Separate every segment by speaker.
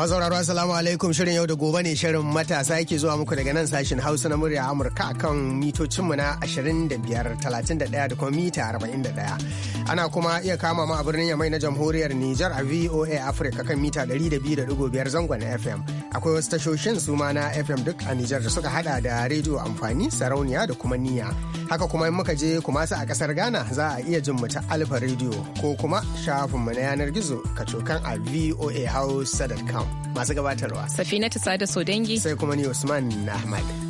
Speaker 1: Ma sauraro assalamu alaikum shirin yau da gobe ne shirin matasa yake zuwa muku daga nan sashin Hausa na murya Amurka kan mitocinmu na 25, 31 da kuma mita 41. Ana kuma iya kama ma a birnin Yamai na Jamhuriyar Nijar a VOA Africa kan mita 200.5 zangon FM. Akwai wasu tashoshin suma na FM duk a Nijar da suka hada da rediyo amfani, sarauniya da kuma niya. Haka kuma in muka je kuma a kasar Ghana za a iya jin mu Alfa rediyo ko kuma shafin mu na yanar gizo kacokan a VOA voahausa.com. Masu gabatarwa. Safina Sada dangi. Sai kuma ni Usman Ahmad.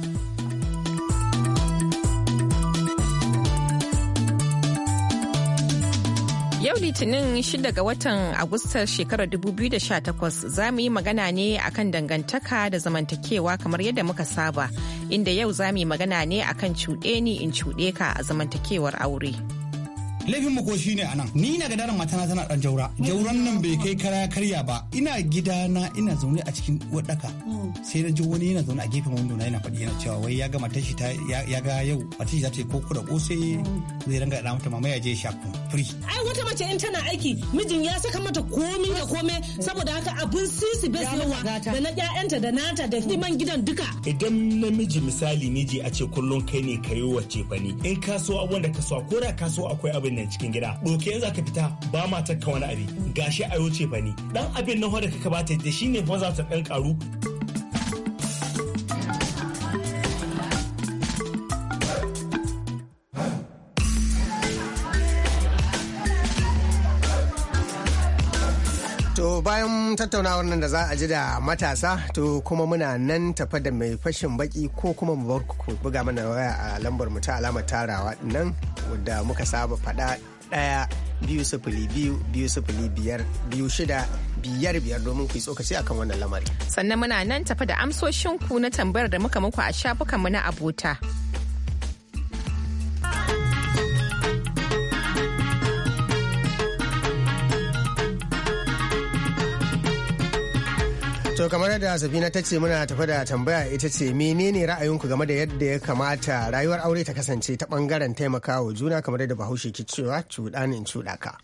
Speaker 2: Yau Litinin 6 ga watan Agustar shekarar 2018 za mu yi magana ne akan dangantaka da zamantakewa kamar yadda muka saba, inda yau za mu yi magana ne akan cuɗe ni in cuɗe ka a zamantakewar aure.
Speaker 3: laifin mu ko shine anan ni na mata na tana dan jaura jauran nan bai kai kara karya ba ina gida na ina zaune a cikin wadaka sai na ji wani yana zaune a gefen wando na yana faɗi yana cewa wai ya ga mata shi ya ga yau mata shi za ta yi koko da kose zai ranga da mata mama ya je shafu free
Speaker 4: ai wata mace in tana aiki mijin ya saka mata komai da komai saboda haka abun sisi bai yawa da na ƴaƴanta da nata da hidiman gidan duka
Speaker 5: idan namiji misali je a ce kullum kai ne kai wace bane in ka so abun da ka so ko da ka so akwai abu abin nan cikin gida boke yanzu ka fita ba ma takka wani abi gashi a ce fa ni dan abin nan da kaka bata da shi ne maza ta dan karu
Speaker 1: bayan tattaunawar nan da za a ji da matasa to kuma muna nan tafa da mai fashin baki ko kuma mu bar buga mana waya a lambar mu ta alamar tarawa nan wadda muka saba faɗa ɗaya biyu sifili biyu biyu sifili biyar biyu shida biyar biyar domin ku yi tsokaci akan wannan lamari.
Speaker 2: Sannan muna nan tafa da amsoshinku na tambayar da muka muku a shafukanmu na abota.
Speaker 1: To kamar yadda Safina ta ce muna tafa da tambaya ita ce menene ra'ayinku game da yadda ya kamata rayuwar aure ta kasance ta bangaren taimakawa juna kamar yadda Bahaushe ke cewa cuɗanin cuɗaka.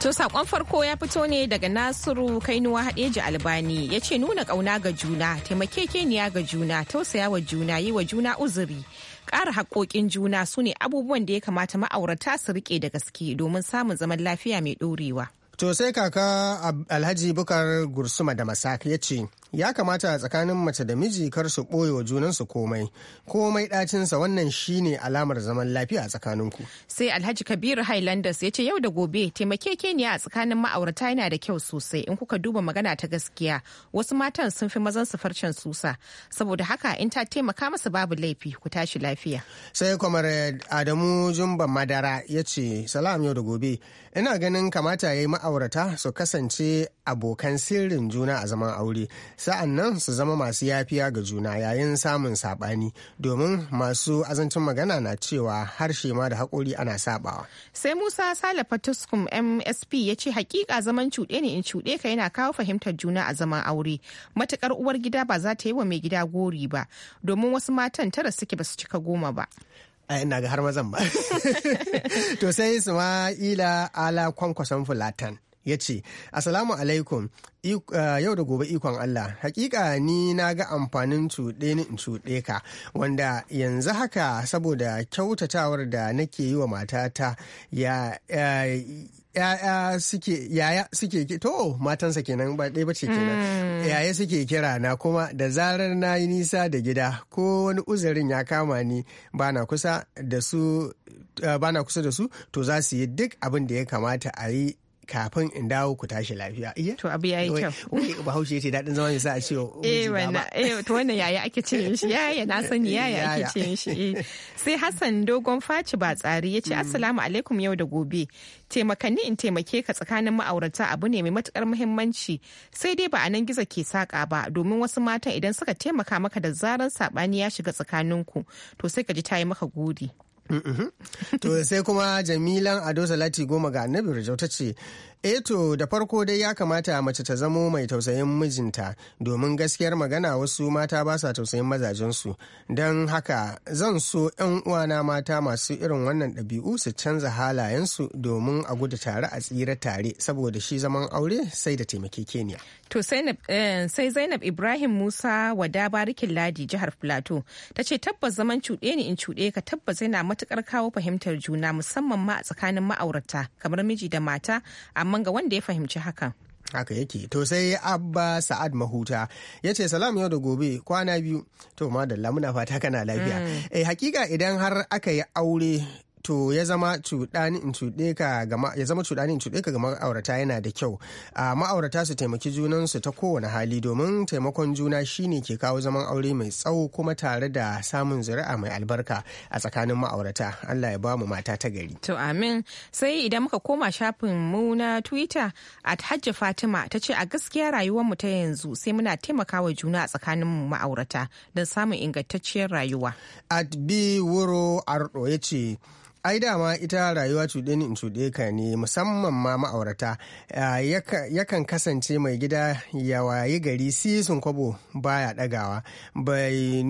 Speaker 2: To sakon farko ya fito ne daga Nasiru Kainuwa Hadeji Albani ya ce nuna kauna ga juna, taimake taimakekeniya ga juna, tausaya wa juna, yi wa juna uzuri. Ƙara haƙoƙin juna su ne abubuwan da ya kamata ma'aurata su riƙe da gaske domin samun zaman lafiya mai ɗorewa.
Speaker 1: To sai kaka Alhaji Bukar Gursuma da Masak ya ce, ya kamata a tsakanin mace da miji kar su ɓoye wa junansu komai komai ɗacinsa wannan shine alamar zaman lafiya a tsakaninku
Speaker 2: sai alhaji kabiru highlanders ya ce yau da gobe taimakekeniya a tsakanin ma'aurata yana da kyau sosai in kuka duba magana ta gaskiya wasu matan sun fi mazan su farcen susa saboda haka in ta taimaka masa babu laifi ku tashi lafiya
Speaker 1: sai kwamar adamu jumba madara ya ce salam yau da gobe ina ganin kamata ya yi ma'aurata su kasance abokan sirrin juna a zaman aure sa'an nan su zama masu yafiya ga juna yayin samun saɓani domin masu azancin magana na cewa harshe ma da haƙori ana saɓawa.
Speaker 2: sai musa sale patuskum msp ya ce hakika zaman cuɗe ne in cuɗe ka yana kawo fahimtar juna a zaman aure matukar uwar gida ba za ta yi wa mai gida gori ba domin wasu matan tara suke ba su cika goma ba ina ga har
Speaker 1: mazan ba to sai ila ala kwankwason fulatan ya ce asalamu alaikum uh, yau da gobe ikon Allah hakika ni na ga amfanin cuɗe ni in cuɗe ka wanda yanzu haka saboda kyautatawar da nake yi wa matata ya ya'ya suke yaya suke to matansa kenan ba ɗaya bace kenan hmm. yaya suke kira na kuma da zarar na yi nisa da gida ko wani uzurin ya kama ni ba na uh, kusa da su to za su yi duk abin da ya kamata a yi kafin in dawo ku tashi lafiya to abu ya yi kyau Ba bahaushe ce daɗin zama yasa a ciwo. eh wannan
Speaker 2: eh to wannan yaya ake ce shi yaya na sani yaya ake ce shi eh. sai Hassan dogon faci ba tsari ce assalamu alaikum yau da gobe taimakanni in taimake ka tsakanin ma'aurata abu ne mai matukar muhimmanci sai dai ba a nan gizo ke saka ba domin wasu matan idan suka taimaka maka da zaran sabani ya shiga tsakaninku to sai ka ji ta yi maka gudi
Speaker 1: Mm-hmm. To sai kuma Jamilan Ado Salati goma ga Annabi Rajauta ce Eto eh da farko dai ya kamata mace ta zamo mai tausayin mijinta domin gaskiyar magana wasu mata ba sa tausayin mazajensu don haka zan so 'yan uwana mata masu irin wannan ɗabi'u su canza halayensu domin a gudu tare a tsira tare saboda shi zaman aure sai da taimakekeniya.
Speaker 2: To eh, sai Zainab Ibrahim Musa wada barikin ladi jihar Filato ta ce tabbas zaman cuɗe ne in cuɗe ka tabbas yana matukar kawo fahimtar juna musamman ma a tsakanin ma'aurata kamar miji da mata a musamman ga wanda ya
Speaker 1: fahimci hakan haka yake to sai abba sa'ad mahuta ya ce salam yau da gobe kwana biyu to madalla muna fata kana lafiya mm. eh hakika idan har aka yi aure to ya zama cuɗani in cuɗe ka gama ya zama cuɗani in cuɗe ka gama ma'aurata yana da kyau a ma'aurata su taimaki junansu ta kowane hali domin taimakon juna shine ke kawo zaman aure mai tsawo kuma tare da samun zuri'a mai albarka a tsakanin ma'aurata Allah ya ba mu mata ta gari
Speaker 2: to amin sai idan muka koma shafin mu na Twitter at Hajji Fatima ta ce a gaskiya rayuwar mu ta yanzu sai muna taimakawa juna a tsakanin
Speaker 1: ma'aurata don samun ingantacciyar rayuwa at bi Wuro Ardo ya ce ai dama ita rayuwa cuɗe in cuɗe ka ne musamman ma ma'aurata yakan kasance mai gida ya wayi gari sun kwabo baya ɗagawa bai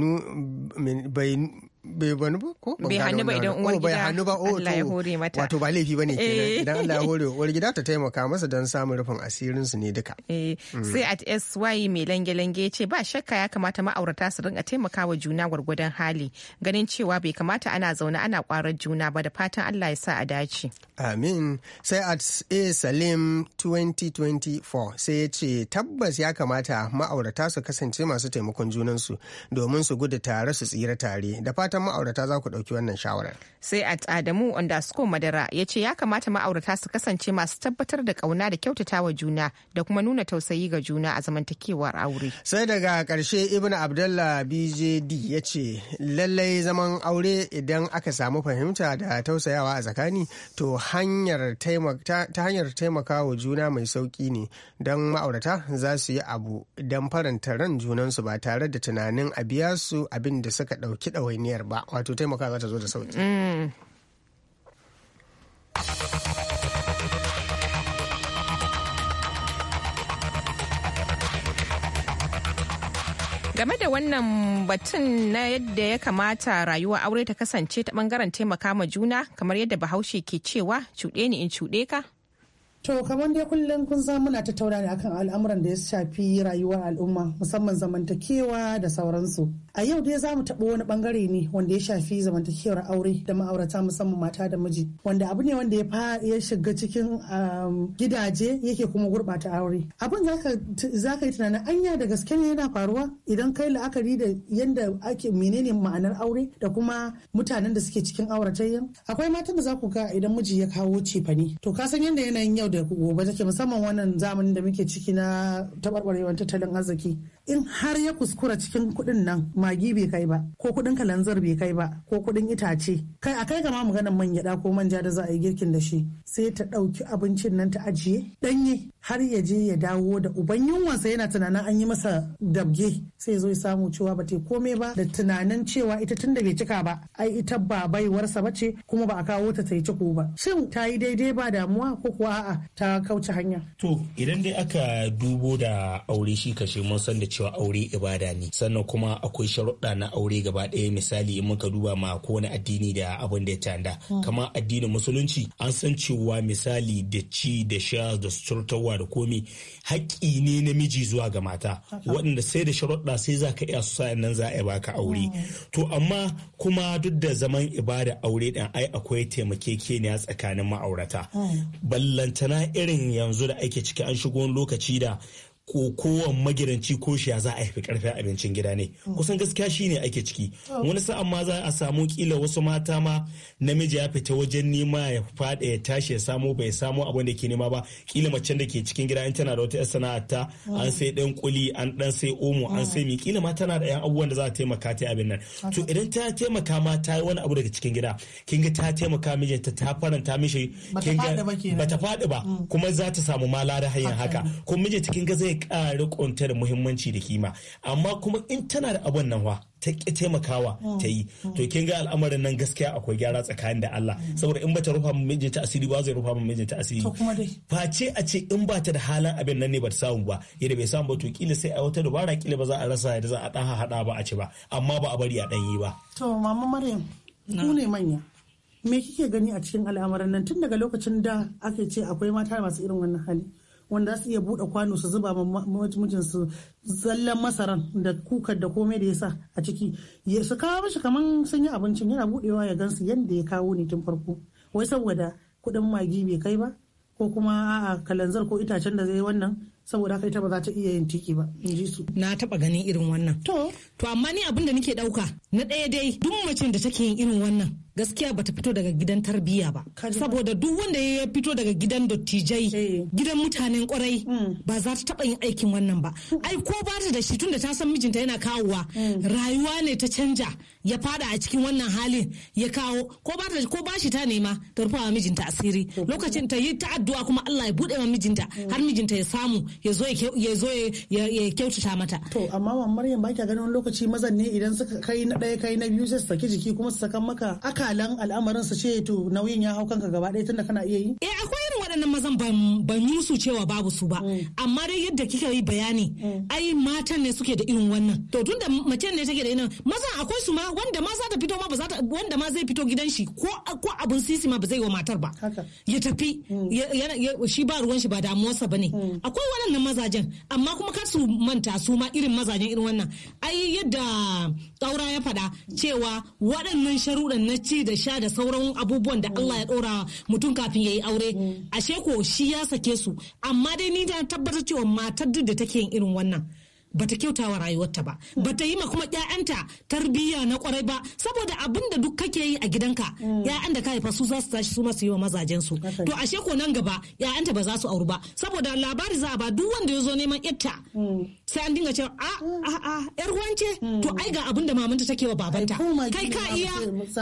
Speaker 1: bai bani ba ko bai hannu ba idan uwar gida bai hannu ba oh, oh, Allah ya hore mata wato ba laifi bane eh. kenan idan Allah ya hore uwar gida ta taimaka masa don samun rufin asirin su ne duka eh, mm. sai
Speaker 2: at SY mai lange lange ce ba shakka ya kamata ma'aurata su rinka taimakawa juna gwargwadon hali ganin cewa bai kamata ana zaune ana kwarar juna ba da fatan Allah ya sa a dace
Speaker 1: amin sai at A Salim 2024 sai ya ce tabbas ya kamata ma'aurata su kasance masu taimakon junansu domin su gudu tare su tsira tare da matan ma'aurata za ku ɗauki wannan shawarar.
Speaker 2: Sai a Adamu underscore madara ya ce ya kamata ma'aurata su kasance masu tabbatar da ƙauna da
Speaker 1: kyautata wa juna da kuma nuna tausayi ga juna a zamantakewar aure. Sai daga ƙarshe Ibn Abdullah BJD ya ce lallai zaman aure idan aka samu fahimta da tausayawa a tsakani to hanyar ta hanyar taimaka juna mai sauƙi ne don ma'aurata za su yi abu don faranta ran junansu ba tare da tunanin a biya su abin da suka ɗauki ɗawainiyar ba wato taimaka za ta zo da sauki
Speaker 6: mm.
Speaker 2: game da wannan batun na yadda ya kamata rayuwa aure ta kasance ta bangaren taimaka ma juna kamar yadda bahaushe ke cewa cuɗe ni in cuɗe ka
Speaker 7: To kamar dai kullum kun za muna tattauna ne akan al'amuran da ya shafi rayuwar al'umma musamman zamantakewa da sauransu. A yau dai za mu taɓa wani ɓangare ne wanda ya shafi zamantakewar aure da ma'aurata musamman mata da miji wanda abu ne wanda ya shiga cikin um, gidaje yake kuma gurɓata aure. Abin za ka yi tunanin anya da gaske ne yana faruwa idan kai la'akari da yadda ake menene ma'anar aure da kuma mutanen da suke cikin auratayyan. Akwai matan da za ku ga idan miji ya kawo cefane to ka san yadda yanayin yau yau da gobe take musamman wannan zamanin da muke ciki na taɓarɓarewar tattalin arziki in har ya kuskura cikin kuɗin nan magi bai kai ba ko kuɗin kalanzar bai kai ba ko kuɗin itace kai a kai gama maganar man gyaɗa ko manja da za a yi girkin da shi sai ta ɗauki abincin nan ta ajiye ɗanye har ya je ya dawo da uban yunwansa yana tunanin an yi masa dabge sai zo ya samu cewa ba ta komai ba da tunanin cewa ita tun da bai cika ba ai ita ba baiwarsa ba ce kuma ba a kawo ta ta yi ciko ba shin ta yi daidai ba damuwa ko kuwa a'a ta kauce hanya
Speaker 5: to idan dai aka dubo da aure shi kashe mun san da cewa aure ibada ne sannan kuma akwai sharuɗa na aure gaba ɗaya misali in muka duba ma kowane addini da abin da ya tanda hmm. kamar addinin musulunci an san cewa misali da ci da sha da suturtarwa da komai haƙƙi ne namiji zuwa ga mata waɗanda sai da sharuɗa sai za ka iya su nan za a baka aure hmm. to amma kuma duk da zaman ibada aure ɗin ai akwai taimakekeniya tsakanin ma'aurata hmm. ballantana irin yanzu da ake ciki an shigo lokaci da kowan magidanci ko shi za a haifi karfin abincin gida ne mm. kusan gaskiya shi ne ake ciki oh. wani sa'an ma za a samu kila wasu mata ma namiji ya fita wajen nema ya fada ya tashi ya samu bai samu abin da ke nema ba kila macen da ke cikin gida in tana da wata sana'ar ta mm. an sai dan kuli an dan sai omo an sai mm. mi kila ma tana da yan abubuwan da za ta taimaka ta abin nan to idan ta taimaka ma ta yi wani abu daga cikin gida kin ga ta taimaka miji ta faranta mishi kin ga bata faɗi ba kuma za ta samu ma lada haka kuma mijinta kin ga zai ƙara rikonta da muhimmanci da kima amma kuma in tana da abun nan wa ta ki taimakawa mm. ta yi mm. to kin ga al'amarin nan gaskiya akwai gyara tsakanin da Allah mm. saboda in bata rufa mijinta asiri ba zai rufa mijinta asiri face a ce in bata da halin abin nan ne bata samu ba yadda bai samu ba to kila sai a wata dubara kila ba za a rasa yadda za a dan hada ba a ce ba amma ba a bari a dan yi ba
Speaker 7: to mama maryam ku ne manya me kike gani a cikin al'amarin nan tun daga lokacin da aka ce akwai mata masu irin wannan hali wanda za su iya buɗe kwano su zuba mutumcin su zallan masaran da kuka da komai da yasa a ciki su kawo mishi kaman sun yi abincin yana buɗewa ya gansu yadda ya kawo ne tun farko wai saboda kuɗin magi bai kai ba ko kuma a'a kalanzar ko
Speaker 4: itacen da zai wannan saboda haka ita ba za ta iya yin tiki ba in ji su na taba ganin irin wannan to to amma ni abin da nake dauka na ɗaya dai duk mace da take yin irin wannan gaskiya bata fito daga gidan tarbiyya ba saboda duk wanda ya fito daga gidan dottijai eh. gidan mutanen kwarai hmm. ba za ta taba yin aikin wannan ba ai ko ba ta da shi tunda ta san mijinta yana kawowa hmm. rayuwa ne ta canja ya fada a cikin wannan halin ya kawo ko ba ta ko ba shi ta nema ta rufa wa mijinta asiri lokacin ta yi ta addu'a kuma Allah ya bude wa mijinta hmm. har mijinta ya samu ya zo ya zo ya kyautata mata to amma maryam ba ki ganin
Speaker 7: lokaci mazan ne idan suka kai ɗaya kai na biyu sai saki jiki kuma saka maka akalan al'amarin su
Speaker 4: ce to nauyin ya hau kanka gaba ɗaya tunda kana iya yi eh akwai irin waɗannan mazan ban yi su cewa babu su ba mm. amma dai yadda kika yi bayani mm. ai matan ne suke da irin wannan to tunda mace ne take da irin mazan akwai su ma wanda ma za ta fito ma ba za ta wanda ma zai fito gidan shi ko ko abun sisi ma ba zai wa matar ba ya tafi mm. shi ba ruwan shi ba damuwarsa ba ne, akwai waɗannan mazajen amma kuma kar su manta su ma irin mazajen irin wannan ai yadda ɗaura ya faɗa cewa waɗannan sharuɗan na ci da sha da sauran abubuwan da Allah ya ɗora mutum kafin ya yi aure ashe ko shi ya sake su amma dai ni da tabbatar cewa matar duk da take yin irin wannan bata kyautawa rayuwarta ba mm. bata yi ma kuma ƴaƴanta tarbiyya na kwarai ba saboda abin da duk kake yi a gidanka mm. ƴaƴan da ka haifa su za su tashi su masu yi wa mazajen su to ashe ko nan gaba ƴaƴanta ba za su auru ba saboda labari za a ba duk wanda ya zo neman ita. Mm. sai an dinga cewa a ah, a ah, a ah, yar wance to ai ga abin da mamanta take wa babanta kai ka iya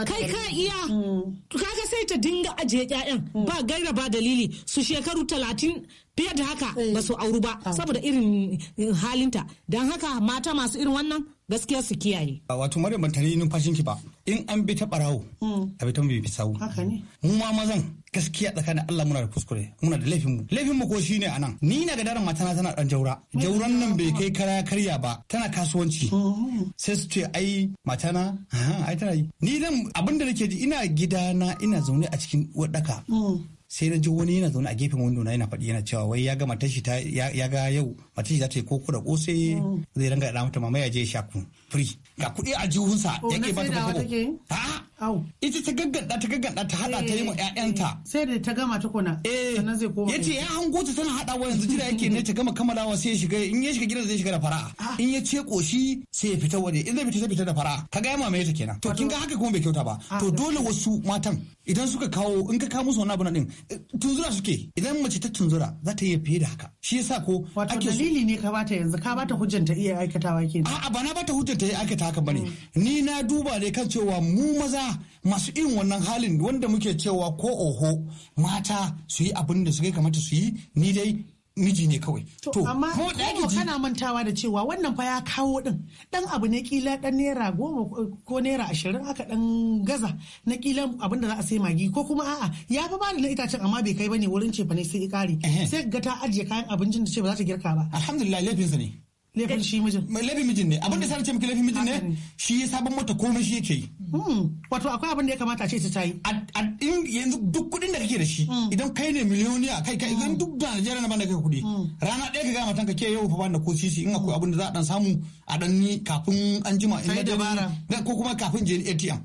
Speaker 4: kai ka iya kaga sai ta dinga ajiye ƴaƴan ba gaira ba dalili su shekaru talatin fiye da haka eh. ba su auru ba ah. saboda irin halinta don haka mata masu irin wannan gaskiya su kiyaye.
Speaker 3: Ah, wato Maryam ban tare numfashin ki ba. In an bi ta barawo, hmm. a bi ta mai bi sawu. Mu ma mazan gaskiya tsakanin Allah muna da kuskure, muna da laifin mu. Laifin mu ko shine anan. Ni na ga daren matana tana dan jaura. Jauran nan bai kai kara karya ba, tana kasuwanci. Hmm. Sai su ce ai matana, ai tana yi. Ni nan abinda nake ji ina gida na ina zaune a cikin wadaka. sai na ji wani yana zaune a gefen wando na yana faɗi yana cewa wai ya gama tashi ya ga yau mace za ta yi koko da kose zai ranga da mata mamaya je shaku free ga kudi a jihunsa oh, yake ba ta ta
Speaker 7: ita ta gaggada ta gaggada
Speaker 3: ta hada ta yi ma eh, ƴaƴanta eh, sai da ta gama ta kona eh, sannan zai koma yace ya hango ta tana hada yanzu jira yake ne ta gama kammalawa sai ya shiga in ya shiga gidan zai shiga da fara'a ah. in ya ce koshi sai ya fita waje in zai fita sai fita da fara'a kaga ya mamaye ta kenan to kin ga haka kuma bai kyauta ba ah, to dole wasu matan idan suka kawo in ka kawo musu wani abu na din tunzura suke idan mace ta tunzura za ta yi fiye da haka shi yasa ko ake dalili ne ka bata yanzu ka bata hujjanta iya aikatawa ke a'a ba na bata hujjanta iya aikata haka bane ni na duba ne kan cewa mu maza masu irin wannan halin wanda muke cewa ko oho mata su yi abin da suka kamata su yi ni dai miji ne kawai. To, amma ko kana
Speaker 7: mantawa da cewa wannan fa ya kawo din dan abu ne kila dan naira goma ko naira ashirin aka dan gaza na kila abin da za a sai magi ko kuma a'a ya fi bani na itacen amma bai kai bane wurin cefa ne sai ikari sai ga ta ajiye kayan abincin da ce ba za ta girka ba. Alhamdulillah laifinsa ne. Laifin shi mijin. Laifin mijin ne abinda da sa ce miki
Speaker 3: laifin mijin ne shi ya sabon mata komai shi yake yi. Hmm. wato akwai abin da ya kamata ce ta yi a yanzu duk kuɗin da kake da shi hmm. idan kai ne miliyoniya kai kai idan hmm. duk da Najeriya na banda kai kudi. rana ɗaya ka gama tanka ke yau fa banda ko sisi in akwai abin da za a dan samu a dan ni kafin an jima in na ko kuma kafin je ATM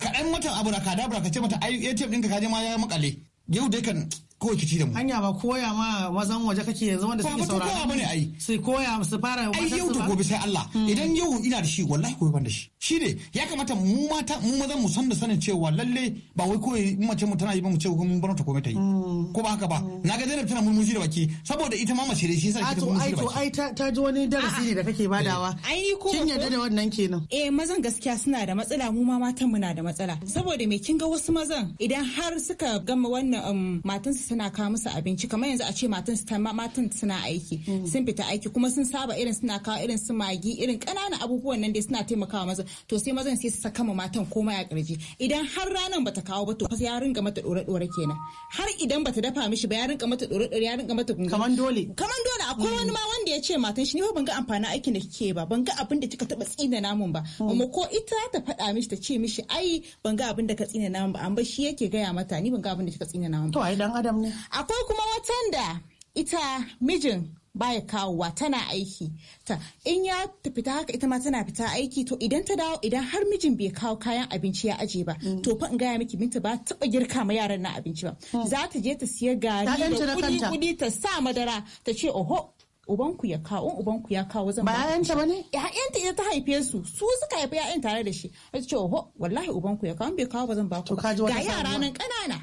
Speaker 3: kaɗan mata abura da ka dabura ka ce mata ai ATM ɗinka ka je ma ya makale yau dai kan ko kici da mu hanya ba koya ma mazan waje kake yanzu wanda suke saurara ba koya bane ai su koya su fara ai yau da gobe sai Allah hmm. idan yau ina da shi wallahi koyi ban da shi Shi ne ya kamata mu mata mu mazan mu san da sanin cewa lalle ba wai koyi mace mu tana yi ba mu ce mun bar ta komai ta yi hmm. ko ba haka ba hmm. ga Zainab tana murmushi da baki saboda ita ma mace da shi yasa kike murmushi da baki
Speaker 7: ai to ai
Speaker 8: ta ji wani darasi ne
Speaker 7: da kake eh. badawa
Speaker 8: ai ko kin yarda da wannan kenan eh mazan gaskiya suna da matsala mu ma matan mu na da matsala saboda me kin ga wasu mazan idan har suka gama wannan um, matansu suna kawo musu abinci kamar yanzu a ce matan matan suna aiki mm-hmm. sun fita aiki kuma sun saba irin suna kawo irin su magi irin ƙananan abubuwan nan da suna taimakawa maza to sai mazan sai su saka ma matan komai a ƙarfi idan har ranar bata kawo ba to ya ringa mata dore dore kenan har idan bata dafa mishi ba ya ringa mata dore dore ya ringa mata kaman dole kaman dole akwai wani ma mm-hmm. wanda ya ce matan shi ne ban ga amfanin aikin da kike ba ban ga abin da kika taba tsina namun ba mm-hmm. amma ko ita ta faɗa mishi ta ce mishi ai ban ga abin da ka tsina namun ba amma shi yake gaya mata ni ban ga abin da kika tsina namun ba to ai dan adam akwai kuma watan da ita mijin baya kawowa tana aiki ta in ya fita haka ita ma tana fita aiki to idan ta dawo idan har mijin bai kawo kayan abinci ya aje ba mm. to fa in gaya miki minta ba taba girka ma yaran na abinci ba mm. za ta je ta siya gari da kudi kudi ta sa madara ta ce oho ubanku ya kawo ubanku ya kawo zan ba ƴaƴanta bane yanta ita ta haife su su suka haifi ya'yan tare da shi ta ce oho wallahi ubanku ya kawo bai kawo ba zan ba ku ga yara nan kanana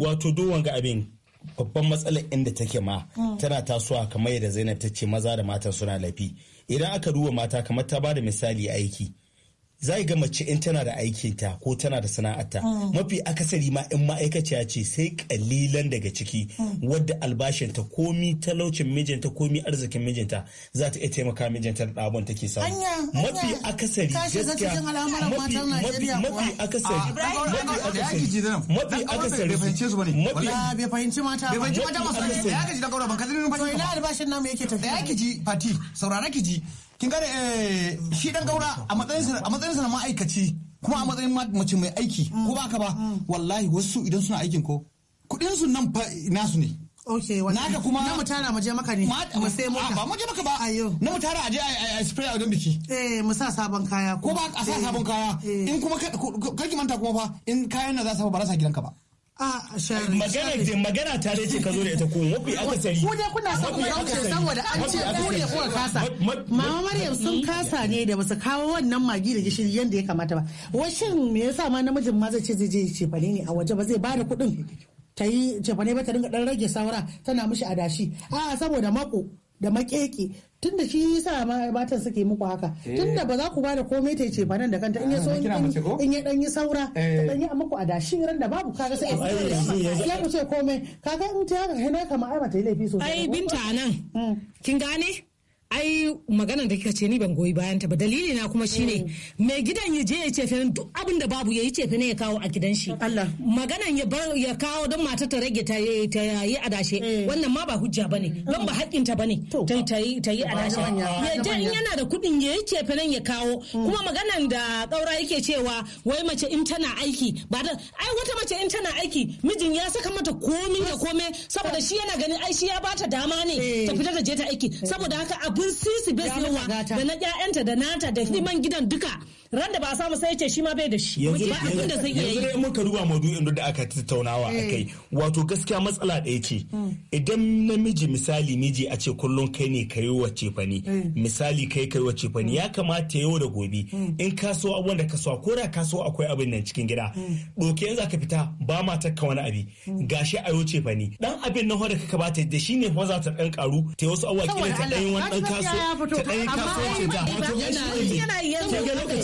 Speaker 5: wato duwan ga abin babban matsalar inda take ma mm. tana tasowa kamar yadda zainab ta ce maza da matan suna lafi idan aka duba mata kamar ta ba da misali aiki za ga mace in tana da aikinta ko tana da sana'arta mm. mafi akasari ma in ma'aikaciya ce sai kalilan daga ciki mm. wadda albashinta komi talaucin mijinta komi arzikin mijinta za ta iya taimaka mijinta da ɗabon take samu mafi akasari gaskiya mafi akasari
Speaker 3: ah,
Speaker 7: mafi akasari mafi fahimci mata bai fahimci mata masu ya gaji da gauraban
Speaker 3: kadin numfashi ba ina albashin namu yake tafiya ya kiji fati saurara kiji kin gane eh, shi dan gaura a matsayinsa na ma'aikaci kuma a matsayin mace mai aiki ko ba ka ba mm. Mm. wallahi wasu idan suna aikin ko kudin su nan fa nasu ne Okay, Naka kuma na mutara maje maka ne. Mu sai mota. Ba maje maka ba. Ayo. Na mutara aje a spray a wajen biki. Eh, mu sa sabon kaya. Ko ba a sa sabon eh. kaya. Eh. In kuma ki manta kuma fa in kayan na za
Speaker 5: su ba za su gidanka ba. magana ta ce ka zo da ita ko mafi akasari ku dai kuna son ku kauce saboda an ce ku ne kuka kasa mama maryam sun kasa
Speaker 4: ne
Speaker 7: da basu kawo wannan magi da gishiri yadda ya kamata ba washin me yasa ma namijin ma zai ce zai je cefane ne a waje ba zai bada kuɗin ta yi cefane ba ta dinga dan rage saura tana mishi adashi a saboda mako da makeke tun da shi yasa matan suke muku haka eh. tun da ba za ku bada komai ta ce fanan da kanta in ya ah, so in ya dan yi saura ta eh. dan yi muku adashi ran da babu kaga sai ya ku ce komai kaga in ta haka kai na kama ai mata ta yi laifi sosai ai binta
Speaker 4: nan mm. kin gane ai magana da kika ce ni ban goyi bayan ta ba dalili na kuma shine mm. mai gidan ya je ya ce fenin duk abin da babu ya yi ce ya kawo a gidan shi Allah ya bar ya kawo don mata ta rage ta yi ta yi adashe mm. wannan ma ba hujja bane don ba haƙƙin ta bane ta yi ta yi adashe ya je in yana da kuɗin ya yi ce fenin ya kawo mm. kuma maganan da ƙaura yake cewa wai mace in tana aiki ba da ai wata mace in tana aiki mijin ya saka mata komi da komai saboda shi yana ganin ai shi ya bata dama ne eh. ta fita ta je ta aiki saboda haka abun sisi bai yawa da na ƴaƴanta da nata da hidiman gidan duka ran da ba samu sai ce shi ma bai da shi yanzu abin da zai iya yi yanzu
Speaker 5: muka duba maudu'in da aka tattaunawa akai eh. wato gaskiya matsala ɗaya ce idan namiji misali miji a ce kullum kai ne kai wacce fani eh. misali kai kai wacce fani ya kamata yau da gobe eh. in ka so abun da ka so ko da ka so akwai abin nan cikin gida doke yanzu aka fita ba ma takka wani abi gashi a yau ce fani dan abin nan hore ka bata da shi ne fa za ta dan karu ta wasu awaki ta dan wani dan kaso ta ɗaya kasuwanci ta wato yana yanzu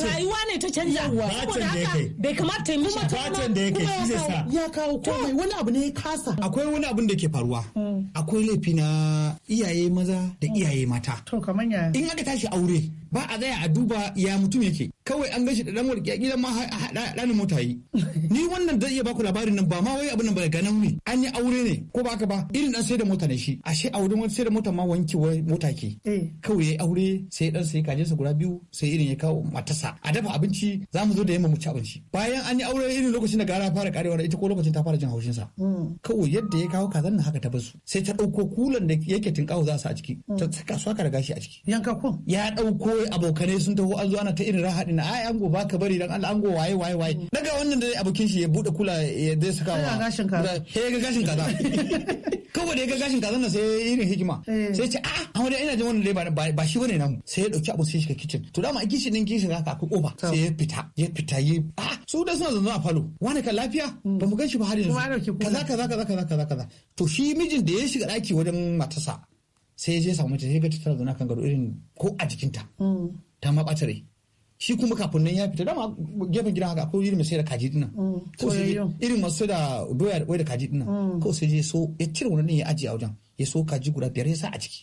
Speaker 5: rayuwa ne ta canja saboda haka bai kamata ya mishi fatan da yake
Speaker 3: shi zai sa ya kawo komai wani abu ne ya kasa akwai wani abin da ke faruwa hmm. akwai laifi na iyaye maza da hmm. iyaye mata to kamar ya in aka tashi aure ba a tsaya a duba ya mutum yake kawai an gashi da dan a kila ma ni mota yi ni wannan zai iya baku labarin nan ba ma wai abin nan ba ganin ne an yi aure ne ko ba ka ba irin dan sai da mota ne shi ashe a wani sai da mota ma wanki wai mota ke eh. kawai yayi aure sai dan sai kaje sa guda biyu sai irin ya kawo matasa a dafa abinci za mu zo da yamma mu ci abinci bayan an yi aure irin lokacin da gara fara karewa ita ko lokacin ta fara jin haushin sa mm. kawai yadda ya kawo kazan nan haka ta basu sai ta dauko kulan da yake tinkawo za su a ciki ta mm. saka su aka da gashi a ciki yanka ko ya dauko abokanai sun taho an zo ana ta irin rahadin ina ai ango ba bari dan Allah ango waye waye waye daga mm. wannan da abokin shi ya bude kula ya dai saka wa gashin kaza he ga gashin kaza kawai da ya ga gashin kaza na sai irin hikima eh. sai ce ah amma dai ina jin wannan dai ba shi bane namu sai ya dauki abu sai shiga kitchen to dama a kishin din kishin haka ku kofa sai ya fita ya fita ya ah su da suna zanzu a falo wani ka lafiya mm. ba mu ganshi shi ba har yanzu kaza kaza kaza kaza kaza kaza to shi mijin da ya shiga daki wajen matarsa sai ya je samu mace sai ga ta tana zauna kan gado irin ko a jikinta mm. ta ma ɓata rai shi kuma kafin nan ya fita dama gefen gidan haka akwai irin mai sai da kaji dinnan
Speaker 6: mm, ko sai irin
Speaker 3: masu da doya da da kaji dinnan mm. ko sai je so ya cire wannan ya ajiye a wajen ya so kaji guda biyar ya sa a ciki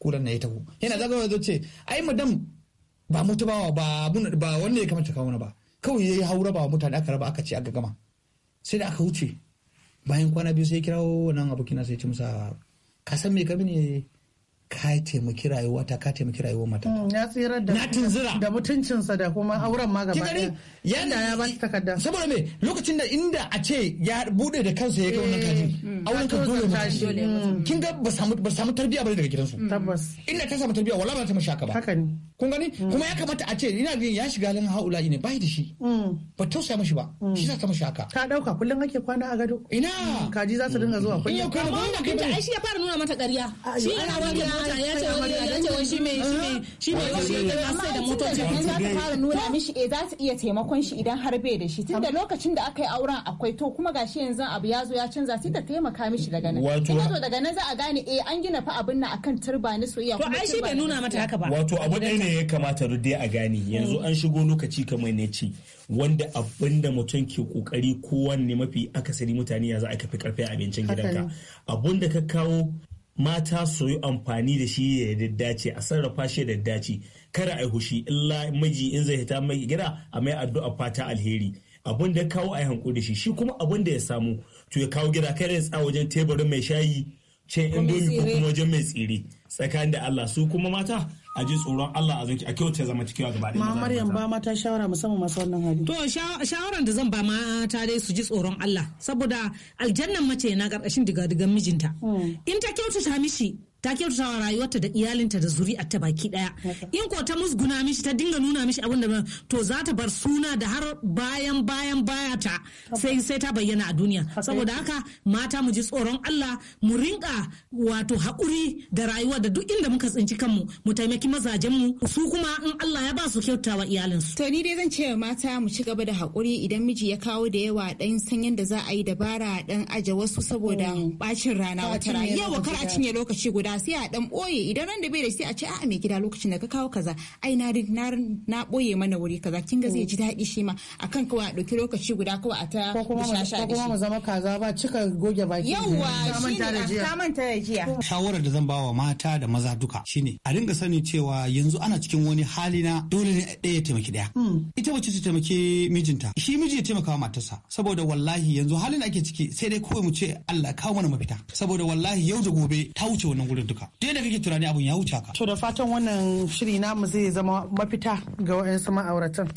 Speaker 3: kuran na ya taho yana zagawa zo ce ai madam ba mutu ba ba wanne ya kamata kawo na ba kawai ya haura ba mutane aka raba aka ce aka gama sai da aka wuce bayan kwana biyu sai kirawo wannan abokina sai ci masa ka san me ka ne ka taimaki rayuwata ka taimaki rayuwar mata. Mm,
Speaker 7: ya tsira da na da mutuncinsa da kuma auren ma gaba ɗaya. Yanda ya ba takarda. Saboda me lokacin da inda a
Speaker 3: ce ya bude da kansa ya ga wannan eh, kaji auren mm, ka dole mu. Kin ga ba samu ba samu tarbiyya ba daga gidansu. Mm. Tabbas. Inda ta samu tarbiyya wala ba ta mashi haka ba. Haka ne. Kun gani kuma ya kamata a ce ina ga ya shiga lan haula ne bai da shi. Ba tausaya mashi ba. Shi za ta mashi haka. Ta dauka kullun ake kwana a gado. Ina. Kaji za su dinga zuwa kullun. Amma wannan ai shi
Speaker 4: ya fara nuna mata ƙarya. Shi yana wani ya ce za ta nuna
Speaker 8: mishi eh za iya taimakon shi idan har bai da shi tunda lokacin da aka yi auren akwai to kuma gashi yanzu abu ya zo ya canza sai ta taimaka mishi daga nan wato daga nan za a gane eh an gina fa abin nan akan turba ni soyayya to ai shi bai nuna mata haka ba
Speaker 5: wato abu ɗaya ne ya kamata dai a gane yanzu an shigo lokaci kamar ne ce wanda abin da mutum ke kokari kowanne mafi akasari mutane ya za a kafi karfe abincin gidanka abun da ka kawo mata su yi amfani da shi ya daddace a sarrafa shi da daddace kada a hushi illa miji in zai hita mai gida a mai addu'a fata alheri abun da kawo a yi hankuri shi shi kuma abun da ya samu to ya kawo gida kada ya tsa wajen teburin mai shayi ce indomi ko kuma wajen mai tsire tsakanin da Allah su kuma mata a ji tsoron Allah a zanki a kyauta zama cikin gaba ɗaya. Ma Maryam
Speaker 7: ba
Speaker 4: mata shawara musamman masu wannan hali. To shawaran da zan ba mata dai su ji tsoron Allah saboda aljannan mace na ƙarƙashin diga-digan mijinta. Hmm. In ta kyautata mishi ta kyautatawa rayuwarta da iyalinta da zuri ta baki daya in ko ta musguna mishi ta dinga nuna mishi abin da to za ta bar suna da har bayan bayan baya ta sai sai ta bayyana a duniya saboda haka mata mu ji tsoron Allah mu rinka wato hakuri da rayuwa da duk inda muka tsinci kanmu mu taimaki mazajen mu su kuma in Allah ya ba su kyautawa iyalinsu to ni
Speaker 8: dai zan ce mata mu ci gaba da hakuri idan miji ya kawo da yawa dan san yanda za a yi dabara dan aje wasu saboda mm. bacin rana wata rana yawa kar a cinye lokaci guda sai a dan boye idan ran da bai da shi a ce a'a mai gida lokacin da ka kawo kaza ai na na na boye mana wuri kaza kin ga zai ji daɗi shi ma akan kawai a dauki lokaci guda kawai a ta ko kuma mu zama
Speaker 7: kaza ba cika goge baki yawa shi ta
Speaker 8: manta da jiya
Speaker 3: shawarar da zan bawa mata da maza duka shine a dinga sani cewa yanzu ana cikin wani hali na dole ne ɗaya taimaki ɗaya hmm. ita mace ta taimaki mijinta shi miji ya taimaka wa matarsa saboda wallahi yanzu halin da ake ciki sai dai kawai mu ce Allah kawo mana mafita saboda wallahi yau da gobe ta wuce wannan gurin duka da da kake tunani abun ya wuce
Speaker 7: ka to da fatan wannan shiri namu zai zama mafita ga waɗansu ma'auratan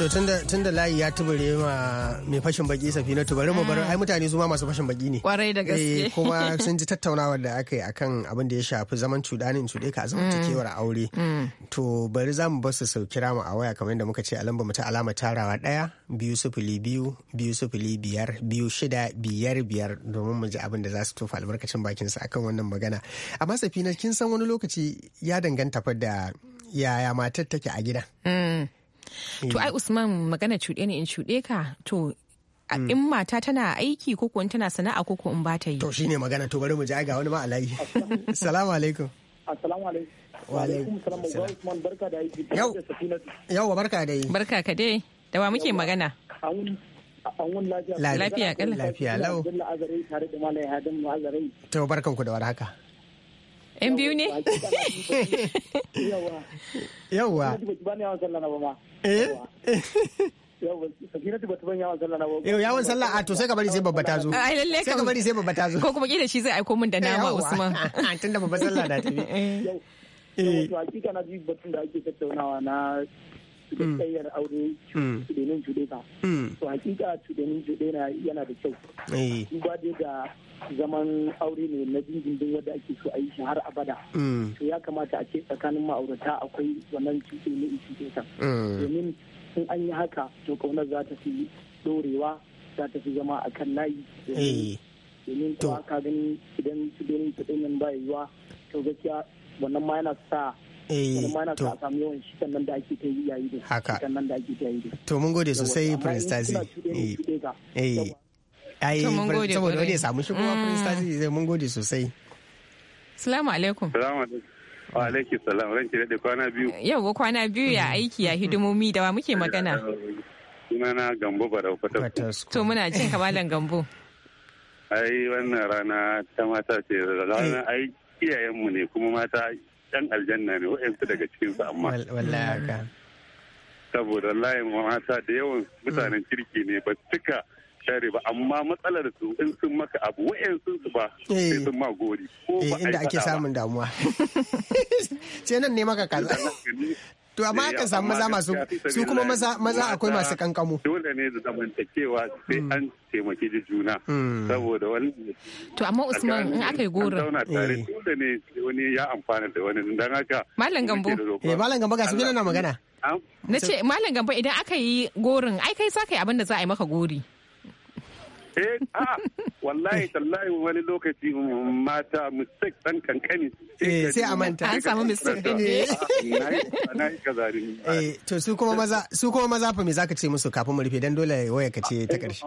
Speaker 1: to tunda layi ya tubure ma mai fashin baki safi na tubare mu bari ah. ai mutane su ma masu fashin baki ne kwarai da gaske eh, kuma sun ji tattaunawa da aka yi akan abin da ya shafi zaman cudanin cuɗe ka mm. zaman kewar aure mm. to bari za mu bar su sau kira mu a waya kamar yadda muka ce a lamba ta alama tarawa ɗaya biyu sufuli biyu biyu sufuli biyar biyu shida biyar biyar domin mu ji abin da za su tofa albarkacin bakin su akan wannan magana amma safi kin san wani lokaci ya danganta fa da yaya matar take a gida. Mm. to ai eh.
Speaker 2: usman magana cuɗe ne in cuɗe ka to mm. in mata tana aiki ko kuwa tana sana'a ko in ba ta yi to shine
Speaker 1: magana to bari mu ji ga wani ma alayi
Speaker 2: assalamu alaikum
Speaker 5: assalamu alaikum wa alaikum salam barka da aiki yau
Speaker 2: yau barka da yi barka ka dai da wa muke magana
Speaker 5: lafiya lafiya lau
Speaker 1: to barkan ku da warhaka 'yan biyu ne yawwa
Speaker 7: eh? Eh,
Speaker 1: sallah a ah, to sai ka bari sai babba ta zo sai ka bari sai babba ta zo
Speaker 2: ko kuma kila shi zai aiko min da nama usman
Speaker 1: tun da
Speaker 5: babba sallah na tafi yau to hakika na ji batun da ake tattaunawa na da mm. tsayar aure cudanin mm. jude ba. Mm. to hakika cudanin jude na yana da kyau eh. duba dai da zaman aure ne na dindindin wanda ake so a yi shi har abada to ya kamata a ce tsakanin ma'aurata akwai wannan in cuɗe ta. domin in an yi haka to kaunar za ta fi dorewa za ta fi zama akan layi eh. domin kuwa ka gani idan su domin su nan ba yi to gaskiya wannan ma yana sa kuma eh, na ka yawan shi kan da ake ta yi yayi da haka kan da ake ta yi da to mun gode sosai prince tazi eh,
Speaker 9: eh.
Speaker 1: ai saboda wani ya samu shi kuma prince mm. zai mun gode sosai
Speaker 2: salamu alaikum
Speaker 9: salamu alaikum wa alaikum salam ranki da kwana biyu
Speaker 2: yau kwana biyu ya mm. aiki ya hidimomi da wa muke magana
Speaker 9: Suna na gambo barau fatasku to
Speaker 2: muna jin kamalan gambo
Speaker 9: ai wannan rana ta mata ce ranar ai iyayenmu ne kuma mata 'yan aljanna ne wa'yansu daga cikinsu amma. Saboda layin mata da yawan mutanen kirki ne ba suka share ba amma matsalar su in sun maka abu wa'yan su ba sai eh. sun ma gori. Eh, inda ake samun
Speaker 1: damuwa. Sai nan ne maka kaza.
Speaker 9: To amma aka eh, samu maza masu su kuma maza akwai masu kankamu. Dole ne da zamantakewa sai mm. an taimaki da juna. Mm. Saboda wani. To amma Usman in aka yi gorin. zauna tare eh. dole ne wani ya amfana da wani dan haka. Malam Gambo. Eh
Speaker 1: Malam Gambo ga su na magana.
Speaker 9: Na ce
Speaker 2: Malam Gambo idan aka yi gorin ai kai sa kai abin da za a yi maka gori.
Speaker 9: eh a wallahi tallahi wani lokaci mata mistake dan kankani eh sai a manta an samu mistake ne na yi kazari
Speaker 1: eh to su kuma maza su kuma maza fa me zaka ce musu kafin mu rufe dan dole waya ka ce ta karshe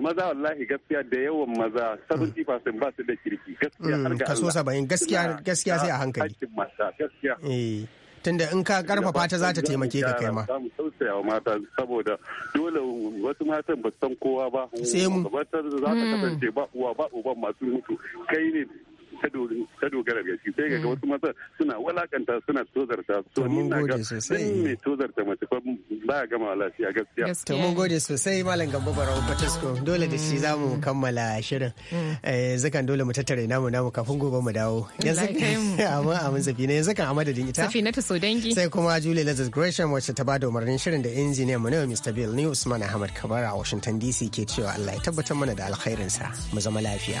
Speaker 9: maza wallahi gaskiya da yawan maza 70% ba su da kirki gaskiya mm, har ga kaso 70 gaskiya
Speaker 1: gaskiya sai a hankali
Speaker 9: gaskiya eh tunda in ka karfafa ta za ta taimake ka kai ma za mu tausaya mata saboda dole wasu matan ba san kowa ba sai mu za ta mm. kasance ba uwa ba uban masu mutu kai ne ta dogara ga sai ga mm. wasu masa suna walakanta suna tozarta to mun na ga sai mai tozarta mace fa ba gama lafiya gaskiya to
Speaker 1: mun gode sosai malam gamba barau fatasko dole da shi mm. zamu kammala shirin mm. eh, zakan dole mu tattare namu namu kafin gobe mu dawo yanzu amma safi ne yanzu kan a madadin ita safina ta so dangi sai kuma julie lazarus gresham wacce ta bada umarnin shirin da injiniyan mu ne mr bill ni usman ahmad kabara a washington dc ke cewa allah ya tabbatar mana da alkhairinsa mu zama lafiya.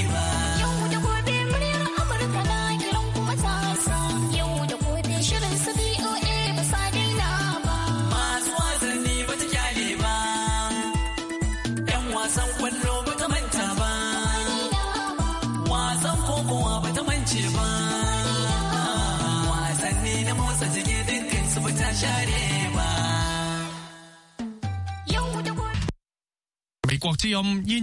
Speaker 3: 国之音。